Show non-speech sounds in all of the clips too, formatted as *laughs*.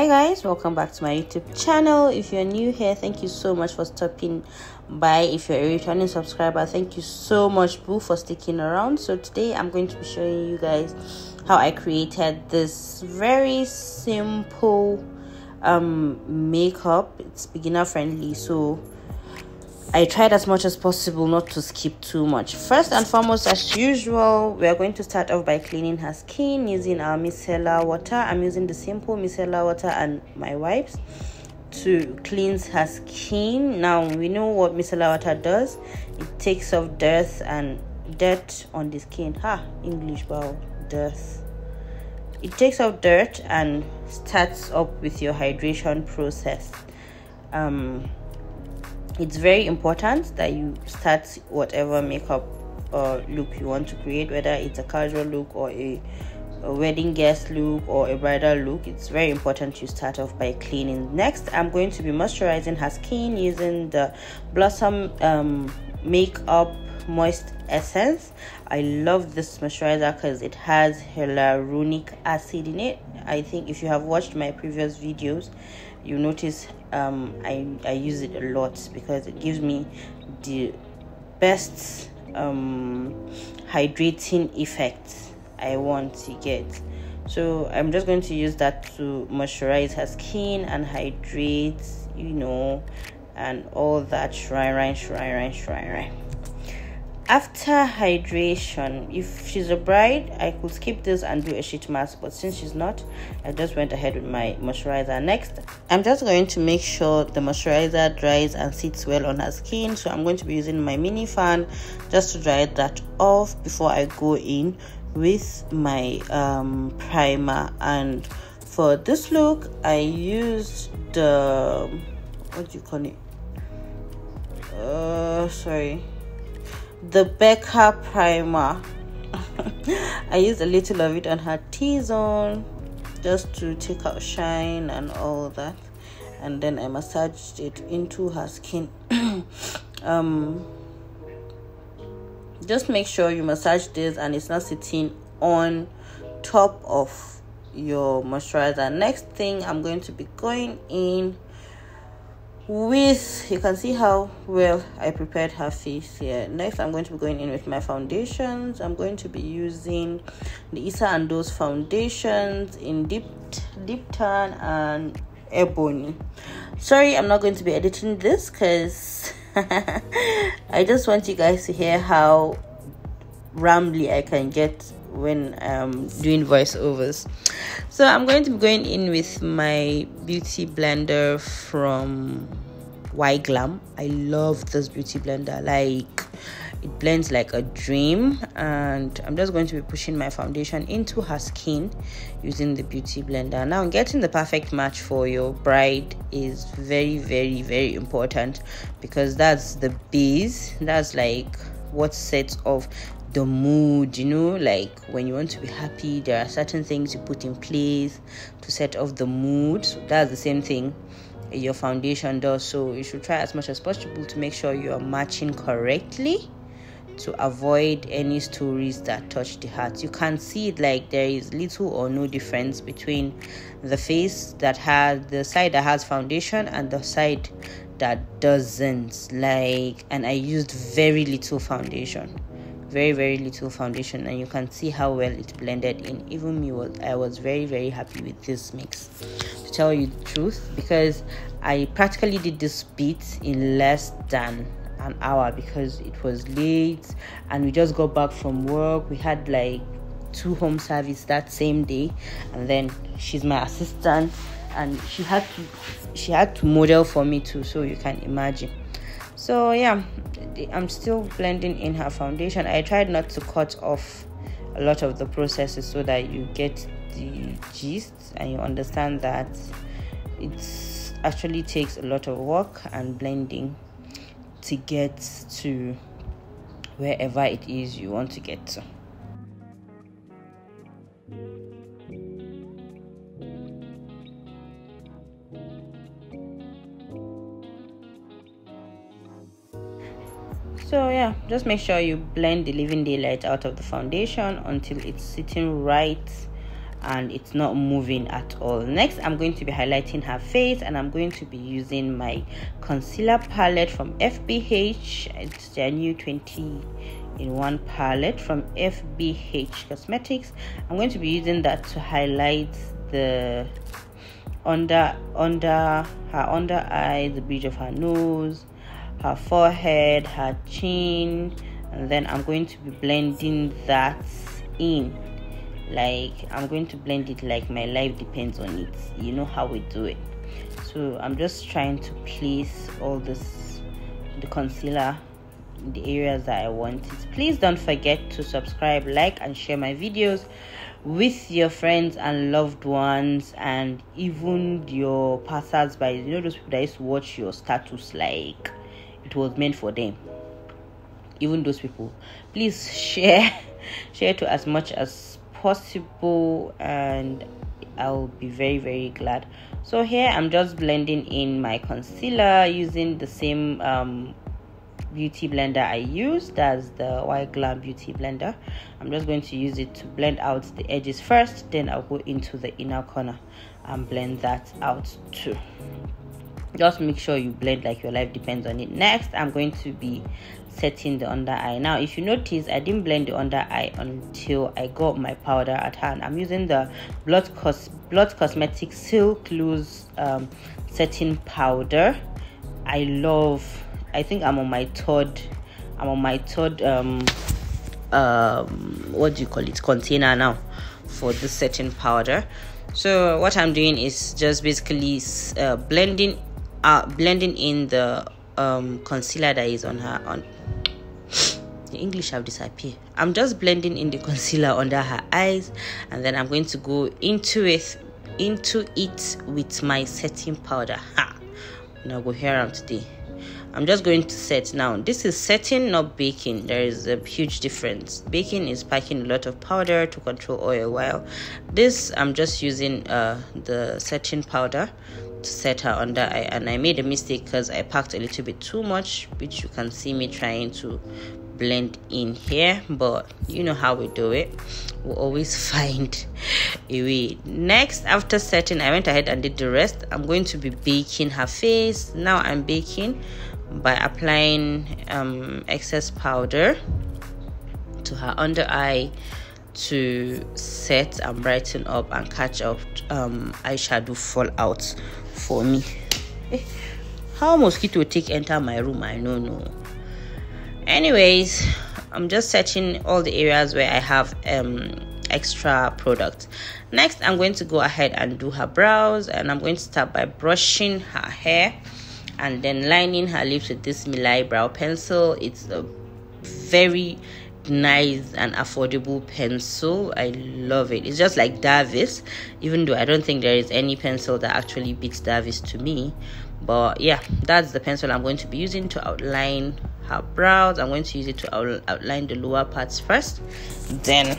hi guys welcome back to my youtube channel if you're new here thank you so much for stopping by if you're a returning subscriber thank you so much boo for sticking around so today i'm going to be showing you guys how i created this very simple um makeup it's beginner friendly so I tried as much as possible not to skip too much. First and foremost, as usual, we are going to start off by cleaning her skin using our micellar water. I'm using the simple micellar water and my wipes to cleanse her skin. Now, we know what micellar water does. It takes off dirt and dirt on the skin. Ha! English, wow, dirt. It takes off dirt and starts up with your hydration process. Um, it's very important that you start whatever makeup uh, look you want to create whether it's a casual look or a, a wedding guest look or a bridal look it's very important you start off by cleaning next i'm going to be moisturizing her skin using the blossom um, makeup moist essence i love this moisturizer because it has hyaluronic acid in it i think if you have watched my previous videos you notice um, I, I use it a lot because it gives me the best um, hydrating effect i want to get so i'm just going to use that to moisturize her skin and hydrate you know and all that shrine, shrine, shrine, shrine, shrine after hydration if she's a bride i could skip this and do a sheet mask but since she's not i just went ahead with my moisturizer next i'm just going to make sure the moisturizer dries and sits well on her skin so i'm going to be using my mini fan just to dry that off before i go in with my um, primer and for this look i used the what do you call it uh sorry the Becca primer. *laughs* I used a little of it on her T-zone just to take out shine and all that. And then I massaged it into her skin. *clears throat* um, just make sure you massage this and it's not sitting on top of your moisturizer. Next thing I'm going to be going in with you can see how well i prepared her face here next i'm going to be going in with my foundations i'm going to be using the isa and those foundations in deep deep tan and ebony sorry i'm not going to be editing this because *laughs* i just want you guys to hear how rambly i can get when I'm doing voiceovers so i'm going to be going in with my beauty blender from Y Glam. I love this beauty blender. Like it blends like a dream and i'm just going to be pushing my foundation into her skin using the beauty blender now getting the perfect match for your bride is very very very important because that's the base that's like what sets off the mood you know like when you want to be happy there are certain things you put in place to set off the mood so that's the same thing your foundation does. So you should try as much as possible to make sure you are matching correctly to avoid any stories that touch the heart. You can see it like there is little or no difference between the face that has the side that has foundation and the side that doesn't. Like, and I used very little foundation very very little foundation and you can see how well it blended in even me was i was very very happy with this mix to tell you the truth because i practically did this beat in less than an hour because it was late and we just got back from work we had like two home service that same day and then she's my assistant and she had to she had to model for me too so you can imagine so yeah i'm still blending in her foundation i tried not to cut off a lot of the processes so that you get the gist and you understand that it actually takes a lot of work and blending to get to wherever it is you want to get to so yeah just make sure you blend the living daylight out of the foundation until it's sitting right and it's not moving at all next i'm going to be highlighting her face and i'm going to be using my concealer palette from fbh it's their new 20 in one palette from fbh cosmetics i'm going to be using that to highlight the under under her under eye the bridge of her nose her forehead, her chin, and then I'm going to be blending that in. Like I'm going to blend it like my life depends on it. You know how we do it. So I'm just trying to place all this the concealer the areas that I want Please don't forget to subscribe, like, and share my videos with your friends and loved ones, and even your passers by. You know, those people that used to watch your status, like it was meant for them even those people please share *laughs* share to as much as possible and i'll be very very glad so here i'm just blending in my concealer using the same um, beauty blender i used as the white glam beauty blender i'm just going to use it to blend out the edges first then i'll go into the inner corner and blend that out too just make sure you blend like your life depends on it next i'm going to be setting the under eye now if you notice i didn't blend the under eye until i got my powder at hand i'm using the blood cos blood cosmetics silk loose um, setting powder i love i think i'm on my third i'm on my third um um what do you call it container now for the setting powder so what i'm doing is just basically uh, blending uh, blending in the um, concealer that is on her on the english have disappeared i'm just blending in the concealer under her eyes and then i'm going to go into it into it with my setting powder ha now go here am today i'm just going to set now this is setting not baking there is a huge difference baking is packing a lot of powder to control oil while this i'm just using uh, the setting powder to set her under I, and I made a mistake because I packed a little bit too much which you can see me trying to blend in here but you know how we do it we'll always *laughs* find a way next after setting I went ahead and did the rest I'm going to be baking her face now I'm baking by applying um, excess powder to her under eye to set and um, brighten up and catch up um, eyeshadow fallout for me eh, how mosquito take enter my room i don't know anyways i'm just searching all the areas where i have um extra product next i'm going to go ahead and do her brows and i'm going to start by brushing her hair and then lining her lips with this Milai brow pencil it's a very nice and affordable pencil i love it it's just like davis even though i don't think there is any pencil that actually beats davis to me but yeah that's the pencil i'm going to be using to outline her brows i'm going to use it to out outline the lower parts first then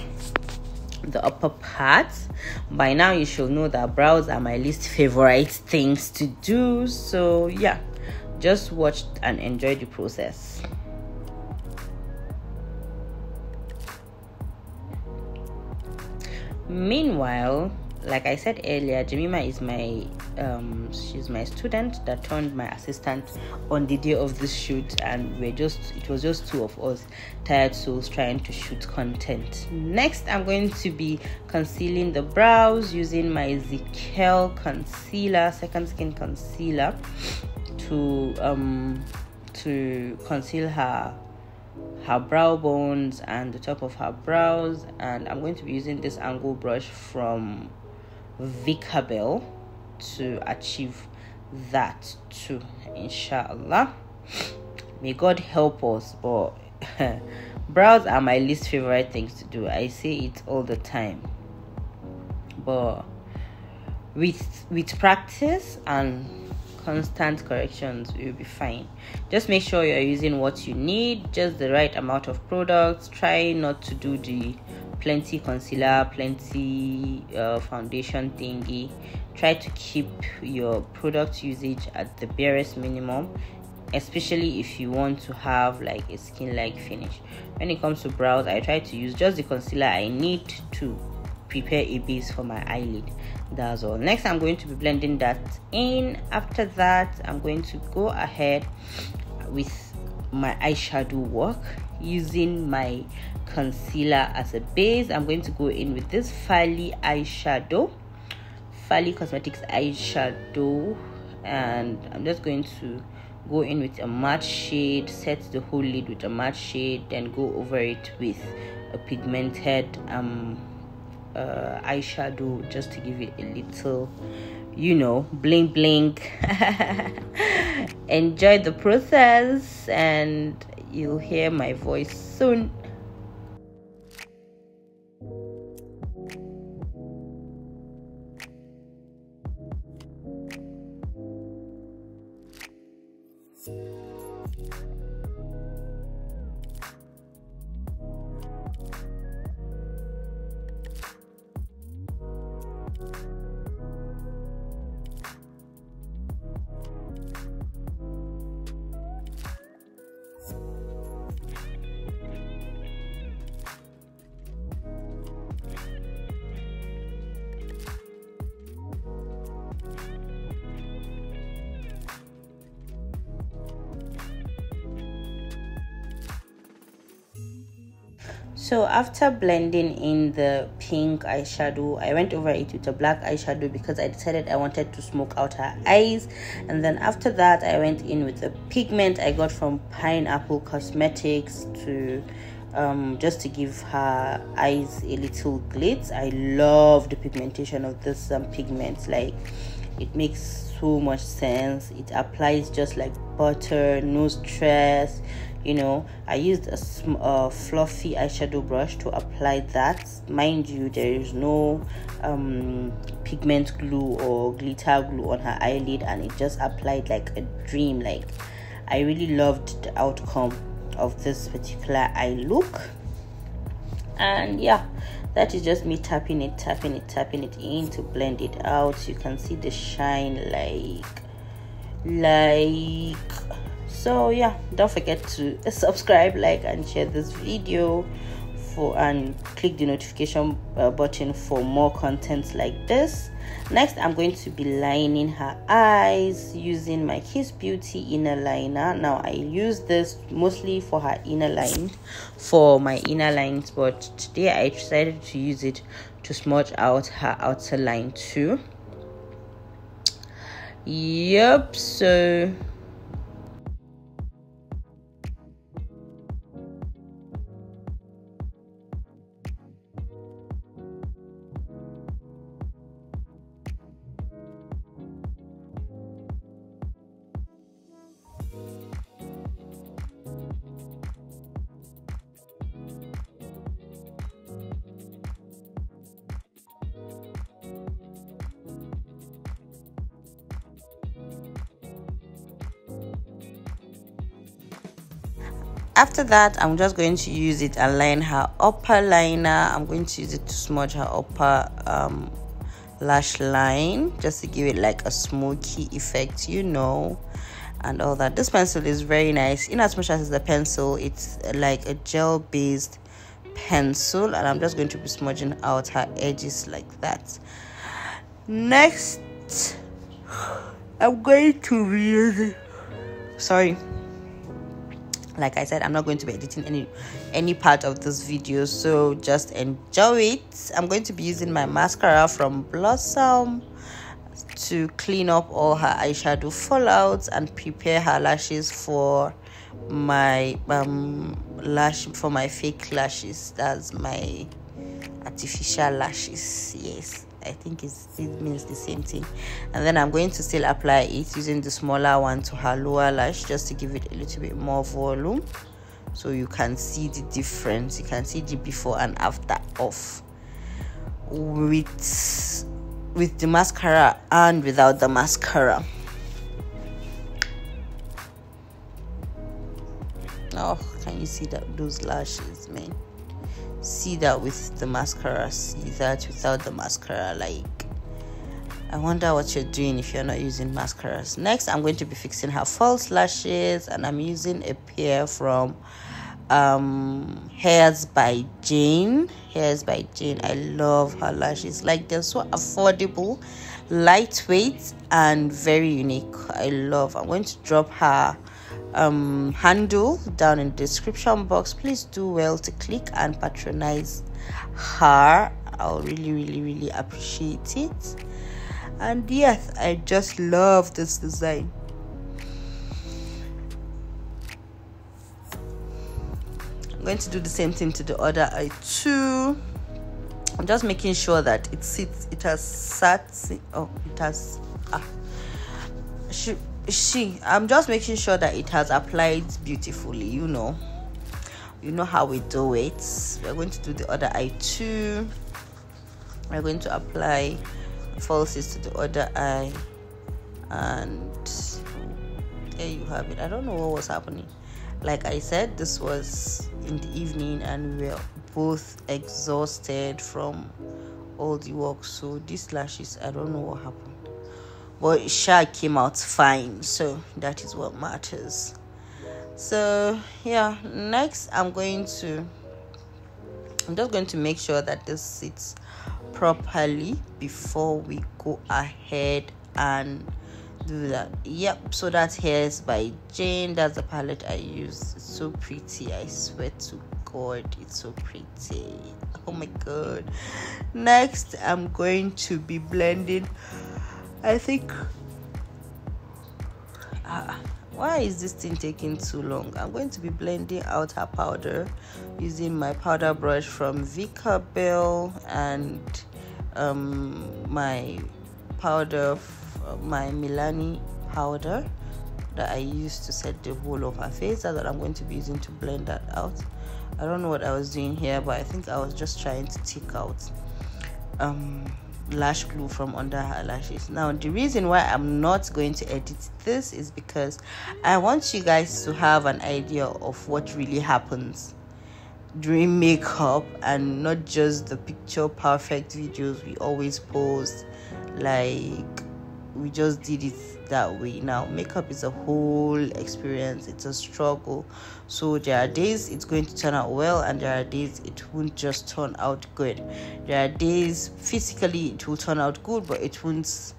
the upper parts. by now you should know that brows are my least favorite things to do so yeah just watch and enjoy the process Meanwhile, like I said earlier, Jemima is my um, she's my student that turned my assistant on the day of this shoot, and we're just it was just two of us, tired souls trying to shoot content. Next, I'm going to be concealing the brows using my Zikel concealer, Second Skin concealer, to um to conceal her her brow bones and the top of her brows and I'm going to be using this angle brush from Vicabel to achieve that too inshallah may God help us but *laughs* brows are my least favorite things to do I say it all the time but with with practice and constant corrections you'll be fine just make sure you're using what you need just the right amount of products try not to do the plenty concealer plenty uh, foundation thingy try to keep your product usage at the barest minimum especially if you want to have like a skin like finish when it comes to brows i try to use just the concealer i need to prepare a base for my eyelid that's all next i'm going to be blending that in after that i'm going to go ahead with my eyeshadow work using my concealer as a base i'm going to go in with this Fally eyeshadow Fally cosmetics eyeshadow and i'm just going to go in with a matte shade set the whole lid with a matte shade then go over it with a pigmented um uh, eyeshadow just to give it a little you know bling bling *laughs* enjoy the process and you'll hear my voice soon so after blending in the pink eyeshadow i went over it with a black eyeshadow because i decided i wanted to smoke out her eyes and then after that i went in with a pigment i got from pineapple cosmetics to um, just to give her eyes a little glitz i love the pigmentation of this um, pigment like it makes too much sense. It applies just like butter, no stress. You know, I used a sm- uh, fluffy eyeshadow brush to apply that. Mind you, there is no um, pigment glue or glitter glue on her eyelid, and it just applied like a dream. Like, I really loved the outcome of this particular eye look, and yeah that is just me tapping it tapping it tapping it in to blend it out you can see the shine like like so yeah don't forget to subscribe like and share this video for and click the notification uh, button for more content like this next i'm going to be lining her eyes using my kiss beauty inner liner now i use this mostly for her inner line for my inner lines but today i decided to use it to smudge out her outer line too yep so after that i'm just going to use it align her upper liner i'm going to use it to smudge her upper um, lash line just to give it like a smoky effect you know and all that this pencil is very nice in as much as the pencil it's like a gel based pencil and i'm just going to be smudging out her edges like that next i'm going to be using sorry like i said i'm not going to be editing any any part of this video so just enjoy it i'm going to be using my mascara from blossom to clean up all her eyeshadow fallouts and prepare her lashes for my um lash for my fake lashes that's my artificial lashes yes I think it means the same thing and then I'm going to still apply it using the smaller one to her lower lash just to give it a little bit more volume so you can see the difference you can see the before and after of with with the mascara and without the mascara oh can you see that those lashes man see that with the mascara, see that without the mascara. Like, I wonder what you're doing if you're not using mascaras. Next, I'm going to be fixing her false lashes, and I'm using a pair from um, Hairs by Jane. Hairs by Jane. I love her lashes. Like, they're so affordable, lightweight, and very unique. I love. I'm going to drop her um, handle down in the description box. Please do well to click and patronize her. I'll really, really, really appreciate it. And yes, I just love this design. I'm going to do the same thing to the other eye too. I'm just making sure that it sits, it has sat, oh, it has, ah, should, she i'm just making sure that it has applied beautifully you know you know how we do it we're going to do the other eye too we're going to apply falsies to the other eye and there you have it i don't know what was happening like i said this was in the evening and we were both exhausted from all the work so these lashes i don't know what happened but Sha came out fine, so that is what matters. So yeah, next I'm going to I'm just going to make sure that this sits properly before we go ahead and do that yep so that hairs by jane that's the palette i use it's so pretty i swear to god it's so pretty oh my god next i'm going to be blending I think. Uh, why is this thing taking too long? I'm going to be blending out her powder using my powder brush from Vika Bell and um, my powder, my Milani powder that I used to set the whole of her face that I'm going to be using to blend that out. I don't know what I was doing here, but I think I was just trying to take out um, lash glue from under her lashes now the reason why i'm not going to edit this is because i want you guys to have an idea of what really happens during makeup and not just the picture perfect videos we always post like we just did it that way now makeup is a whole experience it's a struggle so there are days it's going to turn out well and there are days it won't just turn out good there are days physically it will turn out good but it won't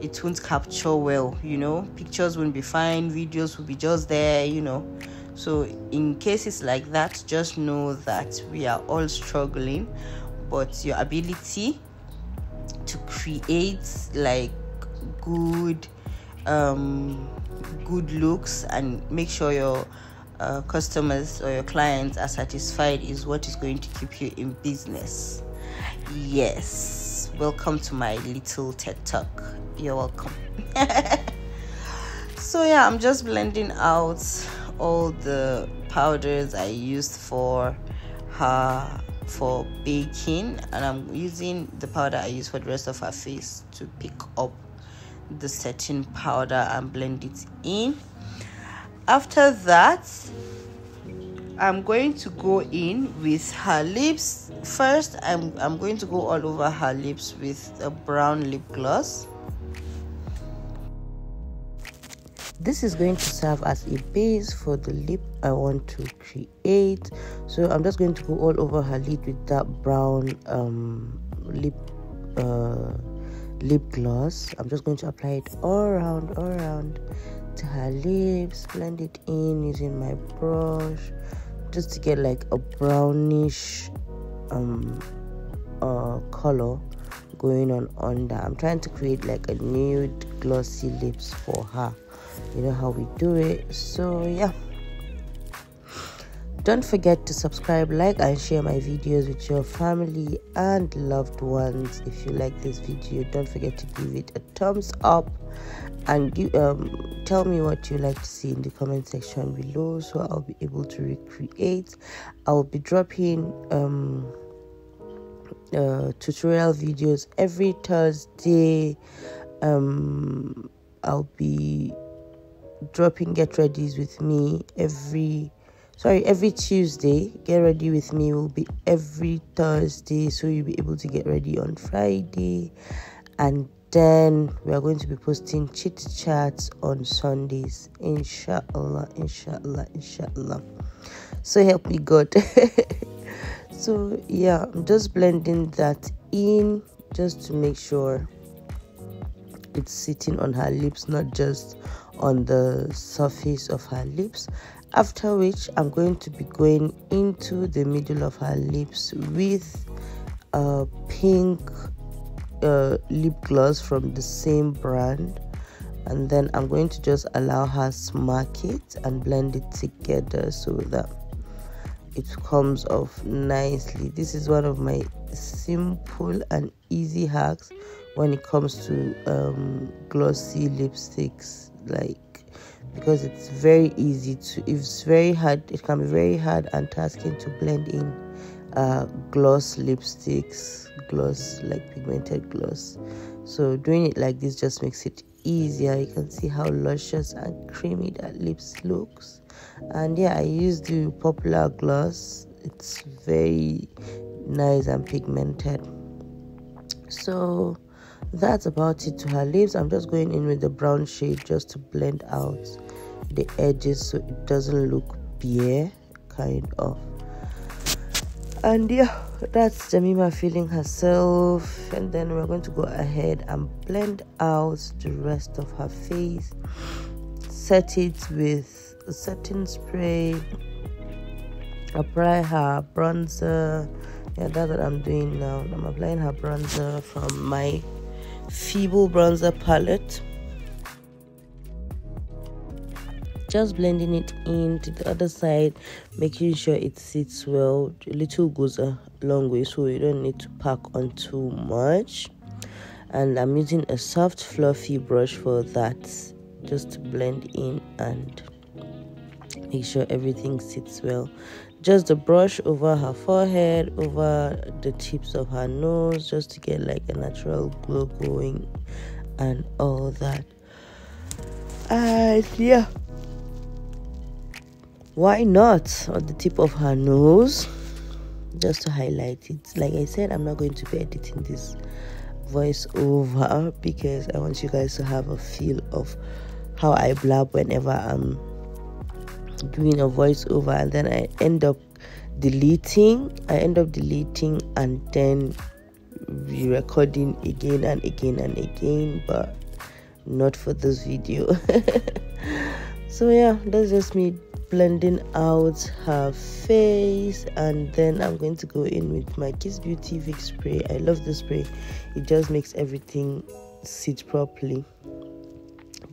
it won't capture well you know pictures won't be fine videos will be just there you know so in cases like that just know that we are all struggling but your ability to create like good um, good looks and make sure your uh, customers or your clients are satisfied is what is going to keep you in business. Yes, welcome to my little TED talk. You're welcome. *laughs* so, yeah, I'm just blending out all the powders I used for her for baking, and I'm using the powder I use for the rest of her face to pick up the setting powder and blend it in after that i'm going to go in with her lips first i'm, I'm going to go all over her lips with a brown lip gloss this is going to serve as a base for the lip i want to create so i'm just going to go all over her lid with that brown um, lip uh, lip gloss i'm just going to apply it all around all around to her lips blend it in using my brush just to get like a brownish um uh color going on under i'm trying to create like a nude glossy lips for her you know how we do it so yeah don't forget to subscribe, like, and share my videos with your family and loved ones. If you like this video, don't forget to give it a thumbs up and give, um, tell me what you like to see in the comment section below so I'll be able to recreate. I'll be dropping um, uh, tutorial videos every Thursday. Um, I'll be dropping get ready with me every sorry every tuesday get ready with me will be every thursday so you'll be able to get ready on friday and then we are going to be posting chit chats on sundays inshallah inshallah inshallah so help me god *laughs* so yeah i'm just blending that in just to make sure it's sitting on her lips not just on the surface of her lips after which I'm going to be going into the middle of her lips with a pink uh, lip gloss from the same brand and then I'm going to just allow her smack it and blend it together so that it comes off nicely this is one of my simple and easy hacks when it comes to um, glossy lipsticks like because it's very easy to it's very hard it can be very hard and tasking to blend in uh, gloss lipsticks gloss like pigmented gloss so doing it like this just makes it easier you can see how luscious and creamy that lips looks and yeah i use the popular gloss it's very nice and pigmented so that's about it to her lips i'm just going in with the brown shade just to blend out the edges so it doesn't look bare kind of and yeah that's jemima feeling herself and then we're going to go ahead and blend out the rest of her face set it with a setting spray apply her bronzer yeah that's what i'm doing now i'm applying her bronzer from my feeble bronzer palette just blending it in to the other side making sure it sits well a little goes a long way so you don't need to pack on too much and i'm using a soft fluffy brush for that just to blend in and make sure everything sits well just a brush over her forehead, over the tips of her nose, just to get like a natural glow going and all that. And yeah, why not on the tip of her nose? Just to highlight it. Like I said, I'm not going to be editing this voice over because I want you guys to have a feel of how I blab whenever I'm doing a voiceover and then I end up deleting I end up deleting and then re-recording again and again and again but not for this video *laughs* so yeah that's just me blending out her face and then i'm going to go in with my kiss beauty Fix spray i love this spray it just makes everything sit properly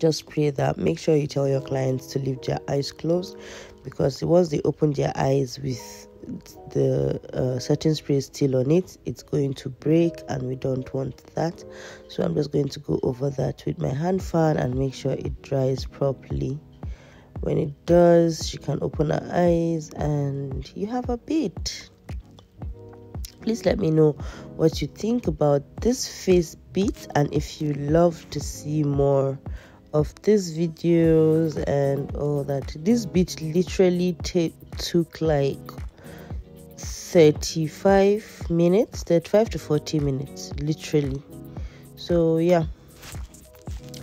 just pray that make sure you tell your clients to leave their eyes closed because once they open their eyes with the uh, certain spray still on it it's going to break and we don't want that so i'm just going to go over that with my hand fan and make sure it dries properly when it does she can open her eyes and you have a bit. please let me know what you think about this face beat and if you love to see more of these videos and all that this beat literally took like 35 minutes 35 to 40 minutes literally so yeah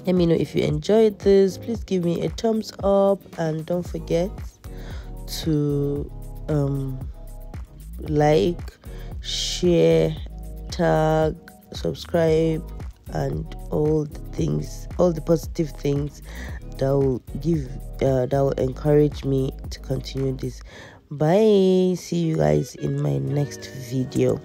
let me know if you enjoyed this please give me a thumbs up and don't forget to um like share tag subscribe and all the things, all the positive things that will give, uh, that will encourage me to continue this. Bye. See you guys in my next video.